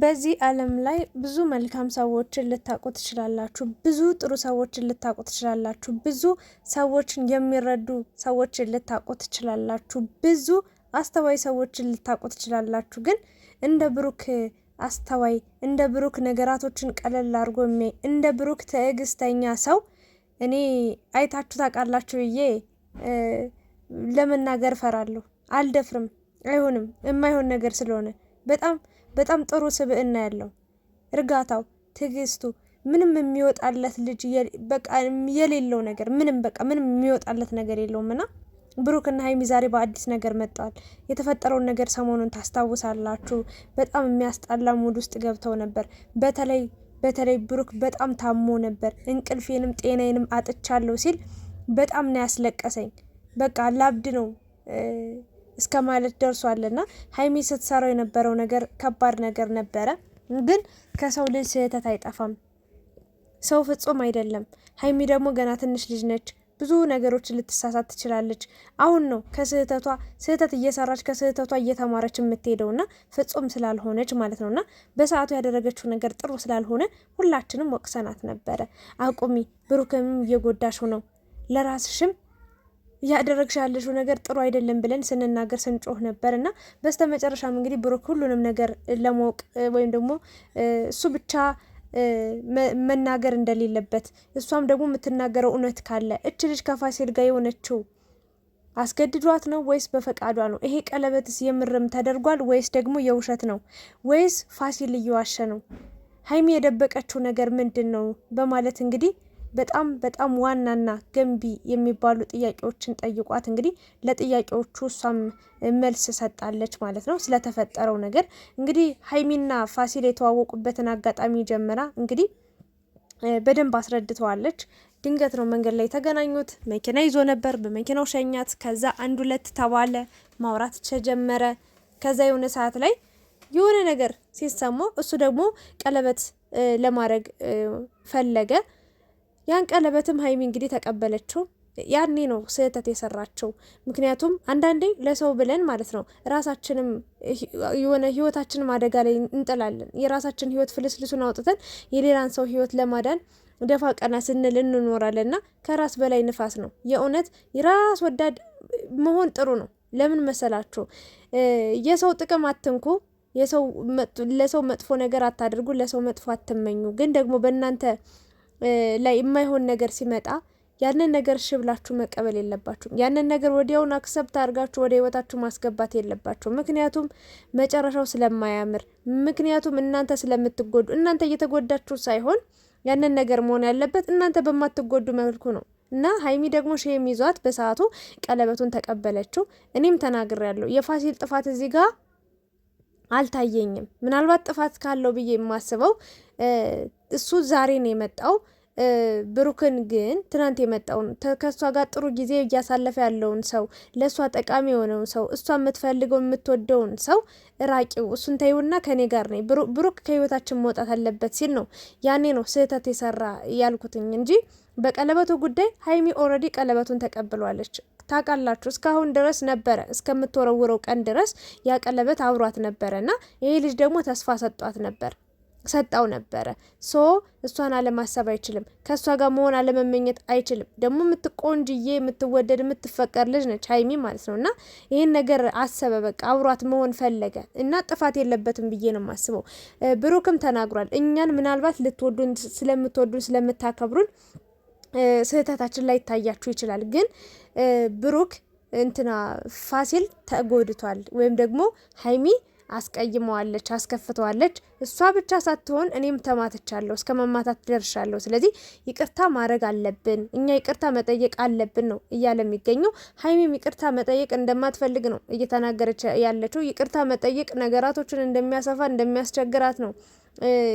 በዚህ ዓለም ላይ ብዙ መልካም ሰዎችን ልታቁ ትችላላችሁ። ብዙ ጥሩ ሰዎችን ልታቁ ትችላላችሁ። ብዙ ሰዎችን የሚረዱ ሰዎችን ልታቁ ትችላላችሁ። ብዙ አስተዋይ ሰዎችን ልታቁ ትችላላችሁ። ግን እንደ ብሩክ አስተዋይ፣ እንደ ብሩክ ነገራቶችን ቀለል አድርጎ የሚያይ እንደ ብሩክ ትዕግስተኛ ሰው እኔ አይታችሁ ታውቃላችሁ ብዬ ለመናገር እፈራለሁ። አልደፍርም። አይሆንም፣ የማይሆን ነገር ስለሆነ በጣም በጣም ጥሩ ስብዕና ያለው እርጋታው፣ ትዕግስቱ ምንም የሚወጣለት ልጅ በቃ የሌለው ነገር ምንም በቃ ምንም የሚወጣለት ነገር የለውም እና ብሩክና ሀይሚ ዛሬ በአዲስ ነገር መጥተዋል። የተፈጠረውን ነገር ሰሞኑን ታስታውሳላችሁ። በጣም የሚያስጣላ ሙድ ውስጥ ገብተው ነበር። በተለይ በተለይ ብሩክ በጣም ታሞ ነበር። እንቅልፌንም ጤናዬንም አጥቻለሁ ሲል በጣም ነው ያስለቀሰኝ። በቃ ላብድ ነው እስከ ማለት ደርሷልና ሀይሚ ስትሰራው የነበረው ነገር ከባድ ነገር ነበረ። ግን ከሰው ልጅ ስህተት አይጠፋም። ሰው ፍጹም አይደለም። ሀይሚ ደግሞ ገና ትንሽ ልጅ ነች። ብዙ ነገሮች ልትሳሳት ትችላለች። አሁን ነው ከስህተቷ ስህተት እየሰራች ከስህተቷ እየተማረች የምትሄደውና ፍጹም ስላልሆነች ማለት ነውና በሰዓቱ ያደረገችው ነገር ጥሩ ስላልሆነ ሁላችንም ወቅሰናት ነበረ። አቁሚ፣ ብሩክም እየጎዳሽው ነው፣ ለራስሽም እያደረግሽ ያለሽው ነገር ጥሩ አይደለም ብለን ስንናገር ስንጮህ ነበር እና በስተ መጨረሻም እንግዲህ ብሩክ ሁሉንም ነገር ለማወቅ ወይም ደግሞ እሱ ብቻ መናገር እንደሌለበት እሷም ደግሞ የምትናገረው እውነት ካለ እች ልጅ ከፋሲል ጋር የሆነችው አስገድዷት ነው ወይስ በፈቃዷ ነው? ይሄ ቀለበትስ የምርም ተደርጓል ወይስ ደግሞ የውሸት ነው? ወይስ ፋሲል እየዋሸ ነው? ሀይሚ የደበቀችው ነገር ምንድን ነው? በማለት እንግዲህ በጣም በጣም ዋናና ገንቢ የሚባሉ ጥያቄዎችን ጠይቋት እንግዲህ ለጥያቄዎቹ እሷም መልስ ሰጣለች ማለት ነው። ስለተፈጠረው ነገር እንግዲህ ሀይሚና ፋሲል የተዋወቁበትን አጋጣሚ ጀምራ እንግዲህ በደንብ አስረድተዋለች። ድንገት ነው መንገድ ላይ የተገናኙት። መኪና ይዞ ነበር፣ በመኪናው ሸኛት። ከዛ አንድ ሁለት ተባለ፣ ማውራት ተጀመረ። ከዛ የሆነ ሰዓት ላይ የሆነ ነገር ሲሰማው እሱ ደግሞ ቀለበት ለማድረግ ፈለገ። ያን ቀለበትም ሀይሚ እንግዲህ ተቀበለችው። ያኔ ነው ስህተት የሰራቸው። ምክንያቱም አንዳንዴ ለሰው ብለን ማለት ነው ራሳችንም የሆነ ህይወታችንም አደጋ ላይ እንጥላለን። የራሳችን ህይወት ፍልስልሱን አውጥተን የሌላን ሰው ህይወት ለማዳን ደፋ ቀና ስንል እንኖራለንና ከራስ በላይ ንፋስ ነው። የእውነት የራስ ወዳድ መሆን ጥሩ ነው። ለምን መሰላችሁ? የሰው ጥቅም አትንኩ። የሰው ለሰው መጥፎ ነገር አታድርጉ። ለሰው መጥፎ አትመኙ። ግን ደግሞ በእናንተ ላይ የማይሆን ነገር ሲመጣ ያንን ነገር እሺ ብላችሁ መቀበል የለባችሁም። ያንን ነገር ወዲያውን አክሰብት አድርጋችሁ ወደ ህይወታችሁ ማስገባት የለባችሁ። ምክንያቱም መጨረሻው ስለማያምር፣ ምክንያቱም እናንተ ስለምትጎዱ፣ እናንተ እየተጎዳችሁ ሳይሆን ያንን ነገር መሆን ያለበት እናንተ በማትጎዱ መልኩ ነው። እና ሀይሚ ደግሞ ሼም ይዟት በሰዓቱ ቀለበቱን ተቀበለችው። እኔም ተናግር ያለው የፋሲል ጥፋት እዚህ ጋር አልታየኝም። ምናልባት ጥፋት ካለው ብዬ የማስበው እሱ ዛሬ ነው የመጣው። ብሩክን ግን ትናንት የመጣውን ከእሷ ጋር ጥሩ ጊዜ እያሳለፈ ያለውን ሰው ለእሷ ጠቃሚ የሆነውን ሰው እሷ የምትፈልገው የምትወደውን ሰው ራቂው፣ እሱን ተይውና ከኔ ጋር ነኝ፣ ብሩክ ከህይወታችን መውጣት አለበት ሲል ነው ያኔ ነው ስህተት የሰራ ያልኩትኝ እንጂ በቀለበቱ ጉዳይ ሀይሚ ኦልሬዲ ቀለበቱን ተቀብሏለች። ታውቃላችሁ እስካሁን ድረስ ነበረ እስከምትወረውረው ቀን ድረስ ያ ቀለበት አብሯት ነበረ እና ይሄ ልጅ ደግሞ ተስፋ ሰጧት ነበር ሰጣው ነበረ። ሶ እሷን አለማሰብ አይችልም። ከእሷ ጋር መሆን አለመመኘት አይችልም። ደግሞ የምትቆንጅዬ የምትወደድ የምትፈቀር ልጅ ነች ሀይሚ ማለት ነው። እና ይህን ነገር አሰበ፣ በቃ አብሯት መሆን ፈለገ እና ጥፋት የለበትም ብዬ ነው የማስበው። ብሩክም ተናግሯል። እኛን ምናልባት ልትወዱን ስለምትወዱን ስለምታከብሩን ስህተታችን ላይ ይታያችሁ ይችላል፣ ግን ብሩክ እንትና ፋሲል ተጎድቷል ወይም ደግሞ ሀይሚ አስቀይመዋለች፣ አስከፍተዋለች። እሷ ብቻ ሳትሆን እኔም ተማትቻለሁ፣ እስከ መማታት ደርሻለሁ። ስለዚህ ይቅርታ ማድረግ አለብን፣ እኛ ይቅርታ መጠየቅ አለብን ነው እያለ የሚገኘው። ሀይሚም ይቅርታ መጠየቅ እንደማትፈልግ ነው እየተናገረች ያለችው። ይቅርታ መጠየቅ ነገራቶችን እንደሚያሰፋ እንደሚያስቸግራት ነው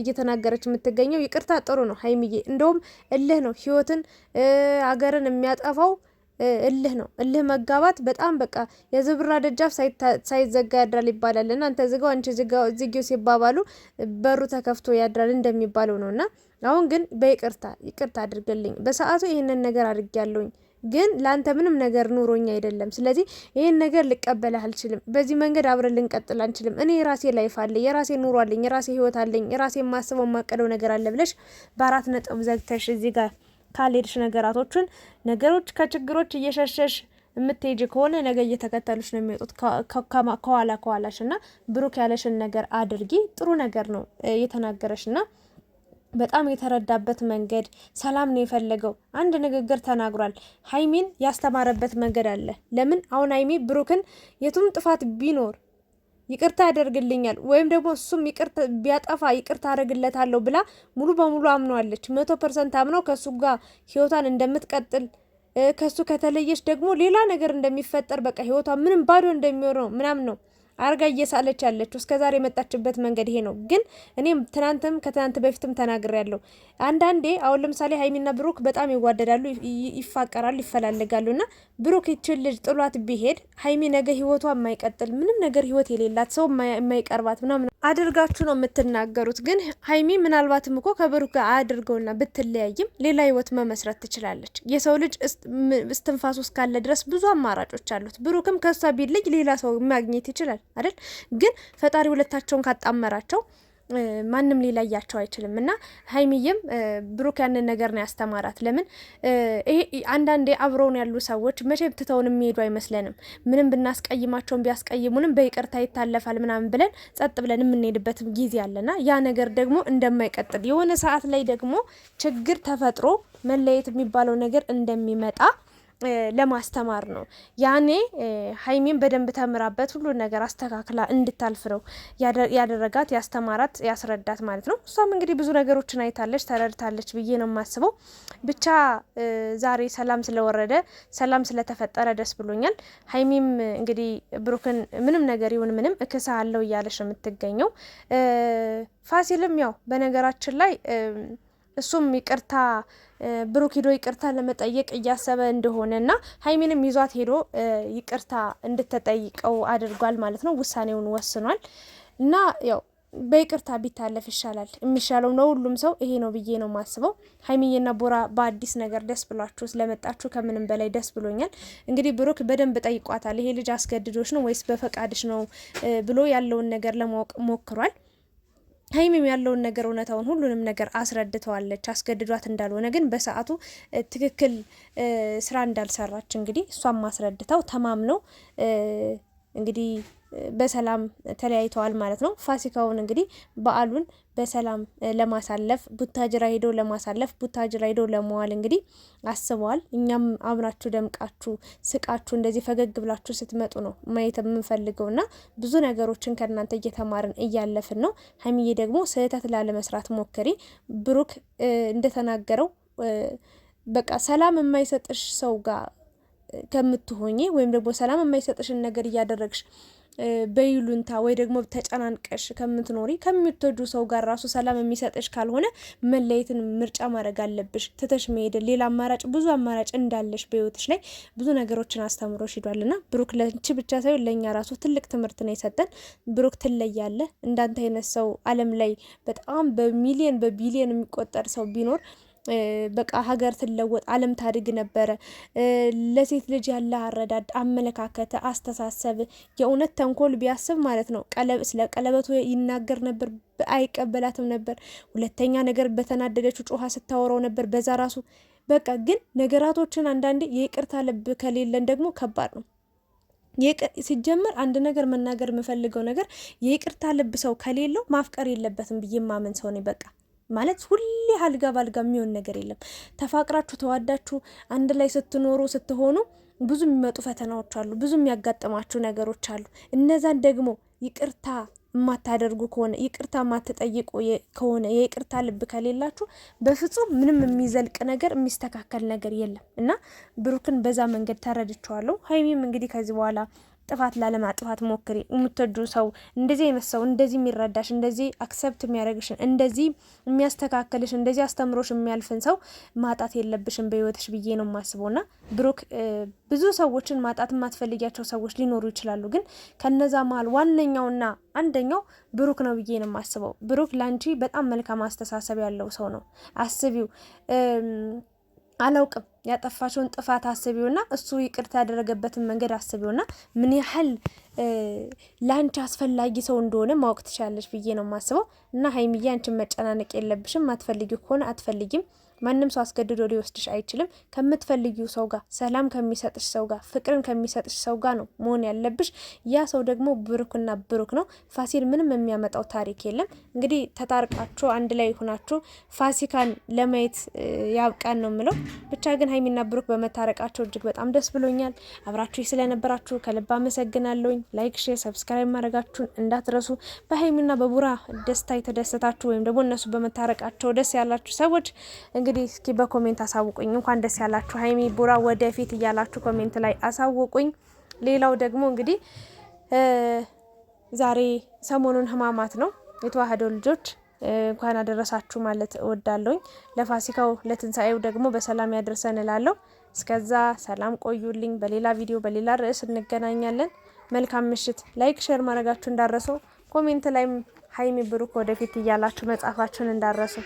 እየተናገረች የምትገኘው። ይቅርታ ጥሩ ነው ሀይሚዬ፣ እንደውም እልህ ነው ህይወትን አገርን የሚያጠፋው እልህ ነው። እልህ መጋባት በጣም በቃ የዝብራ ደጃፍ ሳይዘጋ ያድራል ይባላል። እናንተ ዝጋው አንቺ ዝጊው ሲባባሉ በሩ ተከፍቶ ያድራል እንደሚባለው ነው። እና አሁን ግን በይቅርታ ይቅርታ አድርግልኝ፣ በሰዓቱ ይህንን ነገር አድርጌያለሁኝ ግን ለአንተ ምንም ነገር ኑሮኝ አይደለም። ስለዚህ ይህን ነገር ልቀበልህ አልችልም። በዚህ መንገድ አብረን ልንቀጥል አንችልም። እኔ የራሴ ላይፍ አለ፣ የራሴ ኑሮ አለኝ፣ የራሴ ህይወት አለኝ፣ የራሴ የማስበው የማቀደው ነገር አለ ብለሽ በአራት ነጥብ ዘግተሽ እዚህ ጋር ካልሄድሽ ነገራቶችን ነገሮች ከችግሮች እየሸሸሽ የምትሄጅ ከሆነ ነገ እየተከተሉች ነው የሚወጡት ከኋላ ከኋላሽ። እና ብሩክ ያለሽን ነገር አድርጊ። ጥሩ ነገር ነው እየተናገረሽ እና በጣም የተረዳበት መንገድ ሰላም ነው የፈለገው። አንድ ንግግር ተናግሯል። ሀይሚን ያስተማረበት መንገድ አለ። ለምን አሁን ሀይሚ ብሩክን የቱም ጥፋት ቢኖር ይቅርታ ያደርግልኛል ወይም ደግሞ እሱም ቢያጠፋ ይቅርታ አደርግለታለሁ ብላ ሙሉ በሙሉ አምነዋለች። መቶ ፐርሰንት አምነው ከእሱ ጋር ህይወቷን እንደምትቀጥል ከእሱ ከተለየች ደግሞ ሌላ ነገር እንደሚፈጠር በቃ ህይወቷ ምንም ባዶ እንደሚሆን ነው ምናምን ነው አርጋ እየሳለች ያለችው እስከዛሬ የመጣችበት መንገድ ይሄ ነው። ግን እኔም ትናንትም ከትናንት በፊትም ተናግር ያለው አንዳንዴ አሁን ለምሳሌ ሀይሚና ብሩክ በጣም ይዋደዳሉ፣ ይፋቀራሉ፣ ይፈላለጋሉ እና ብሩክ ይችን ልጅ ጥሏት ቢሄድ ሀይሚ ነገ ህይወቷ የማይቀጥል ምንም ነገር ህይወት የሌላት ሰው የማይቀርባት ምናምን አድርጋችሁ ነው የምትናገሩት። ግን ሀይሚ ምናልባትም እኮ ከብሩክ ጋር አድርገውና ብትለያይም ሌላ ህይወት መመስረት ትችላለች። የሰው ልጅ እስትንፋሱ ውስጥ ካለ ድረስ ብዙ አማራጮች አሉት። ብሩክም ከእሷ ቢለይ ሌላ ሰው ማግኘት ይችላል አይደል? ግን ፈጣሪ ሁለታቸውን ካጣመራቸው ማንም ሊለያቸው አይችልም እና ሀይሚዬም ብሩክ ያንን ነገር ነው ያስተማራት። ለምን አንዳንዴ አብረውን ያሉ ሰዎች መቼም ትተውን የሚሄዱ አይመስለንም። ምንም ብናስቀይማቸውን ቢያስቀይሙንም በይቅርታ ይታለፋል ምናምን ብለን ጸጥ ብለን የምንሄድበት ጊዜ አለና ያ ነገር ደግሞ እንደማይቀጥል የሆነ ሰዓት ላይ ደግሞ ችግር ተፈጥሮ መለየት የሚባለው ነገር እንደሚመጣ ለማስተማር ነው። ያኔ ሀይሜን በደንብ ተምራበት ሁሉን ነገር አስተካክላ እንድታልፍ ነው ያደረጋት፣ ያስተማራት፣ ያስረዳት ማለት ነው። እሷም እንግዲህ ብዙ ነገሮችን አይታለች፣ ተረድታለች ብዬ ነው የማስበው። ብቻ ዛሬ ሰላም ስለወረደ ሰላም ስለተፈጠረ ደስ ብሎኛል። ሀይሜም እንግዲህ ብሩክን ምንም ነገር ይሁን ምንም እክሳ አለው እያለች ነው የምትገኘው። ፋሲልም ያው በነገራችን ላይ እሱም ይቅርታ ብሩክ ሂዶ ይቅርታ ለመጠየቅ እያሰበ እንደሆነ እና ሀይሚንም ይዟት ሄዶ ይቅርታ እንድትጠይቀው አድርጓል ማለት ነው። ውሳኔውን ወስኗል እና ያው በይቅርታ ቢታለፍ ይሻላል። የሚሻለው ነው ሁሉም ሰው ይሄ ነው ብዬ ነው ማስበው ሀይሚዬና ቦራ በአዲስ ነገር ደስ ብሏችሁ ስለመጣችሁ ከምንም በላይ ደስ ብሎኛል። እንግዲህ ብሩክ በደንብ ጠይቋታል። ይሄ ልጅ አስገድዶች ነው ወይስ በፈቃድሽ ነው ብሎ ያለውን ነገር ለማወቅ ሞክሯል። ሀይሚም ያለውን ነገር እውነታውን ሁሉንም ነገር አስረድተዋለች። አስገድዷት እንዳልሆነ ግን በሰዓቱ ትክክል ስራ እንዳልሰራች እንግዲህ እሷም አስረድተው ተማምነው እንግዲህ በሰላም ተለያይተዋል ማለት ነው። ፋሲካውን እንግዲህ በዓሉን በሰላም ለማሳለፍ ቡታጅራ ሄዶ ለማሳለፍ ቡታጅራ ሄዶ ለመዋል እንግዲህ አስበዋል። እኛም አብራችሁ ደምቃችሁ ስቃችሁ እንደዚህ ፈገግ ብላችሁ ስትመጡ ነው ማየት የምንፈልገው እና ብዙ ነገሮችን ከእናንተ እየተማርን እያለፍን ነው። ሀይሚዬ ደግሞ ስህተት ላለመስራት ሞክሪ። ብሩክ እንደተናገረው በቃ ሰላም የማይሰጥሽ ሰው ጋር ከምትሆኚ ወይም ደግሞ ሰላም የማይሰጥሽን ነገር እያደረግሽ በይሉንታ ወይ ደግሞ ተጨናንቀሽ ከምትኖሪ ከምትወዱ ሰው ጋር ራሱ ሰላም የሚሰጥሽ ካልሆነ መለየትን ምርጫ ማድረግ አለብሽ። ትተሽ መሄድን ሌላ አማራጭ ብዙ አማራጭ እንዳለሽ በህይወትሽ ላይ ብዙ ነገሮችን አስተምሮሽ ሂዷል እና ብሩክ ለንቺ ብቻ ሳይሆን ለእኛ ራሱ ትልቅ ትምህርት ነው የሰጠን። ብሩክ ትለያለህ። እንዳንተ አይነት ሰው አለም ላይ በጣም በሚሊየን በቢሊየን የሚቆጠር ሰው ቢኖር በቃ ሀገር ትለወጥ ዓለም ታድግ ነበረ። ለሴት ልጅ ያለ አረዳድ፣ አመለካከት፣ አስተሳሰብ የእውነት ተንኮል ቢያስብ ማለት ነው ስለ ቀለበቱ ይናገር ነበር። አይቀበላትም ነበር። ሁለተኛ ነገር በተናደደችው ጮኻ ስታወራው ነበር። በዛ ራሱ በቃ ግን ነገራቶችን አንዳንዴ የይቅርታ ልብ ከሌለን ደግሞ ከባድ ነው። ሲጀምር አንድ ነገር መናገር የምፈልገው ነገር የይቅርታ ልብ ሰው ከሌለው ማፍቀር የለበትም ብዬ ማመን ሰው ነኝ በቃ ማለት ሁሌ አልጋ ባልጋ የሚሆን ነገር የለም። ተፋቅራችሁ ተዋዳችሁ አንድ ላይ ስትኖሩ ስትሆኑ ብዙ የሚመጡ ፈተናዎች አሉ፣ ብዙ የሚያጋጥማችሁ ነገሮች አሉ። እነዛን ደግሞ ይቅርታ የማታደርጉ ከሆነ ይቅርታ የማትጠይቁ ከሆነ የይቅርታ ልብ ከሌላችሁ በፍጹም ምንም የሚዘልቅ ነገር የሚስተካከል ነገር የለም እና ብሩክን በዛ መንገድ ተረድቸዋለሁ። ሀይሚም እንግዲህ ከዚህ በኋላ ጥፋት ላለማጥፋት ሞክሪ። የምትወዱ ሰው እንደዚህ የመሰው እንደዚህ የሚረዳሽ እንደዚህ አክሰፕት የሚያደርግሽን እንደዚህ የሚያስተካከልሽ እንደዚህ አስተምሮሽ የሚያልፍን ሰው ማጣት የለብሽም በህይወትሽ ብዬ ነው የማስበው። ና ብሩክ፣ ብዙ ሰዎችን ማጣት የማትፈልጊያቸው ሰዎች ሊኖሩ ይችላሉ፣ ግን ከነዛ መሀል ዋነኛውና አንደኛው ብሩክ ነው ብዬ ነው የማስበው። ብሩክ ለአንቺ በጣም መልካም አስተሳሰብ ያለው ሰው ነው። አስቢው አላውቅም ያጠፋቸውን ጥፋት አስቢውና እሱ ይቅርታ ያደረገበትን መንገድ አስቢውና ምን ያህል ለአንቺ አስፈላጊ ሰው እንደሆነ ማወቅ ትችላለች ብዬ ነው የማስበው። እና ሀይሚዬ አንቺን መጨናነቅ የለብሽም። አትፈልጊ ከሆነ አትፈልጊም። ማንም ሰው አስገድዶ ሊወስድሽ አይችልም። ከምትፈልጊው ሰው ጋር፣ ሰላም ከሚሰጥሽ ሰው ጋር፣ ፍቅርን ከሚሰጥሽ ሰው ጋር ነው መሆን ያለብሽ። ያ ሰው ደግሞ ብሩክና ብሩክ ነው። ፋሲል ምንም የሚያመጣው ታሪክ የለም። እንግዲህ ተታርቃችሁ አንድ ላይ ሆናችሁ ፋሲካን ለማየት ያብቃን ነው የምለው ብቻ ግን ሀይሚና ብሩክ በመታረቃቸው እጅግ በጣም ደስ ብሎኛል። አብራችሁ ስለነበራችሁ ከልብ አመሰግናለሁኝ። ላይክ፣ ሼር፣ ሰብስክራይብ ማድረጋችሁን እንዳትረሱ። በሀይሚና በቡራ ደስታ የተደሰታችሁ ወይም ደግሞ እነሱ በመታረቃቸው ደስ ያላችሁ ሰዎች እንግዲህ እስኪ በኮሜንት አሳውቁኝ። እንኳን ደስ ያላችሁ ሀይሚ ቡራ ወደፊት እያላችሁ ኮሜንት ላይ አሳውቁኝ። ሌላው ደግሞ እንግዲህ ዛሬ ሰሞኑን ህማማት ነው የተዋህደው ልጆች እንኳን አደረሳችሁ ማለት እወዳለሁኝ። ለፋሲካው ለትንሣኤው ደግሞ በሰላም ያደርሰን እላለሁ። እስከዛ ሰላም ቆዩልኝ። በሌላ ቪዲዮ በሌላ ርዕስ እንገናኛለን። መልካም ምሽት። ላይክ፣ ሼር ማድረጋችሁ እንዳረሰው፣ ኮሜንት ላይም ሀይሚ ብሩክ ወደፊት እያላችሁ መጻፋችሁን እንዳረሱ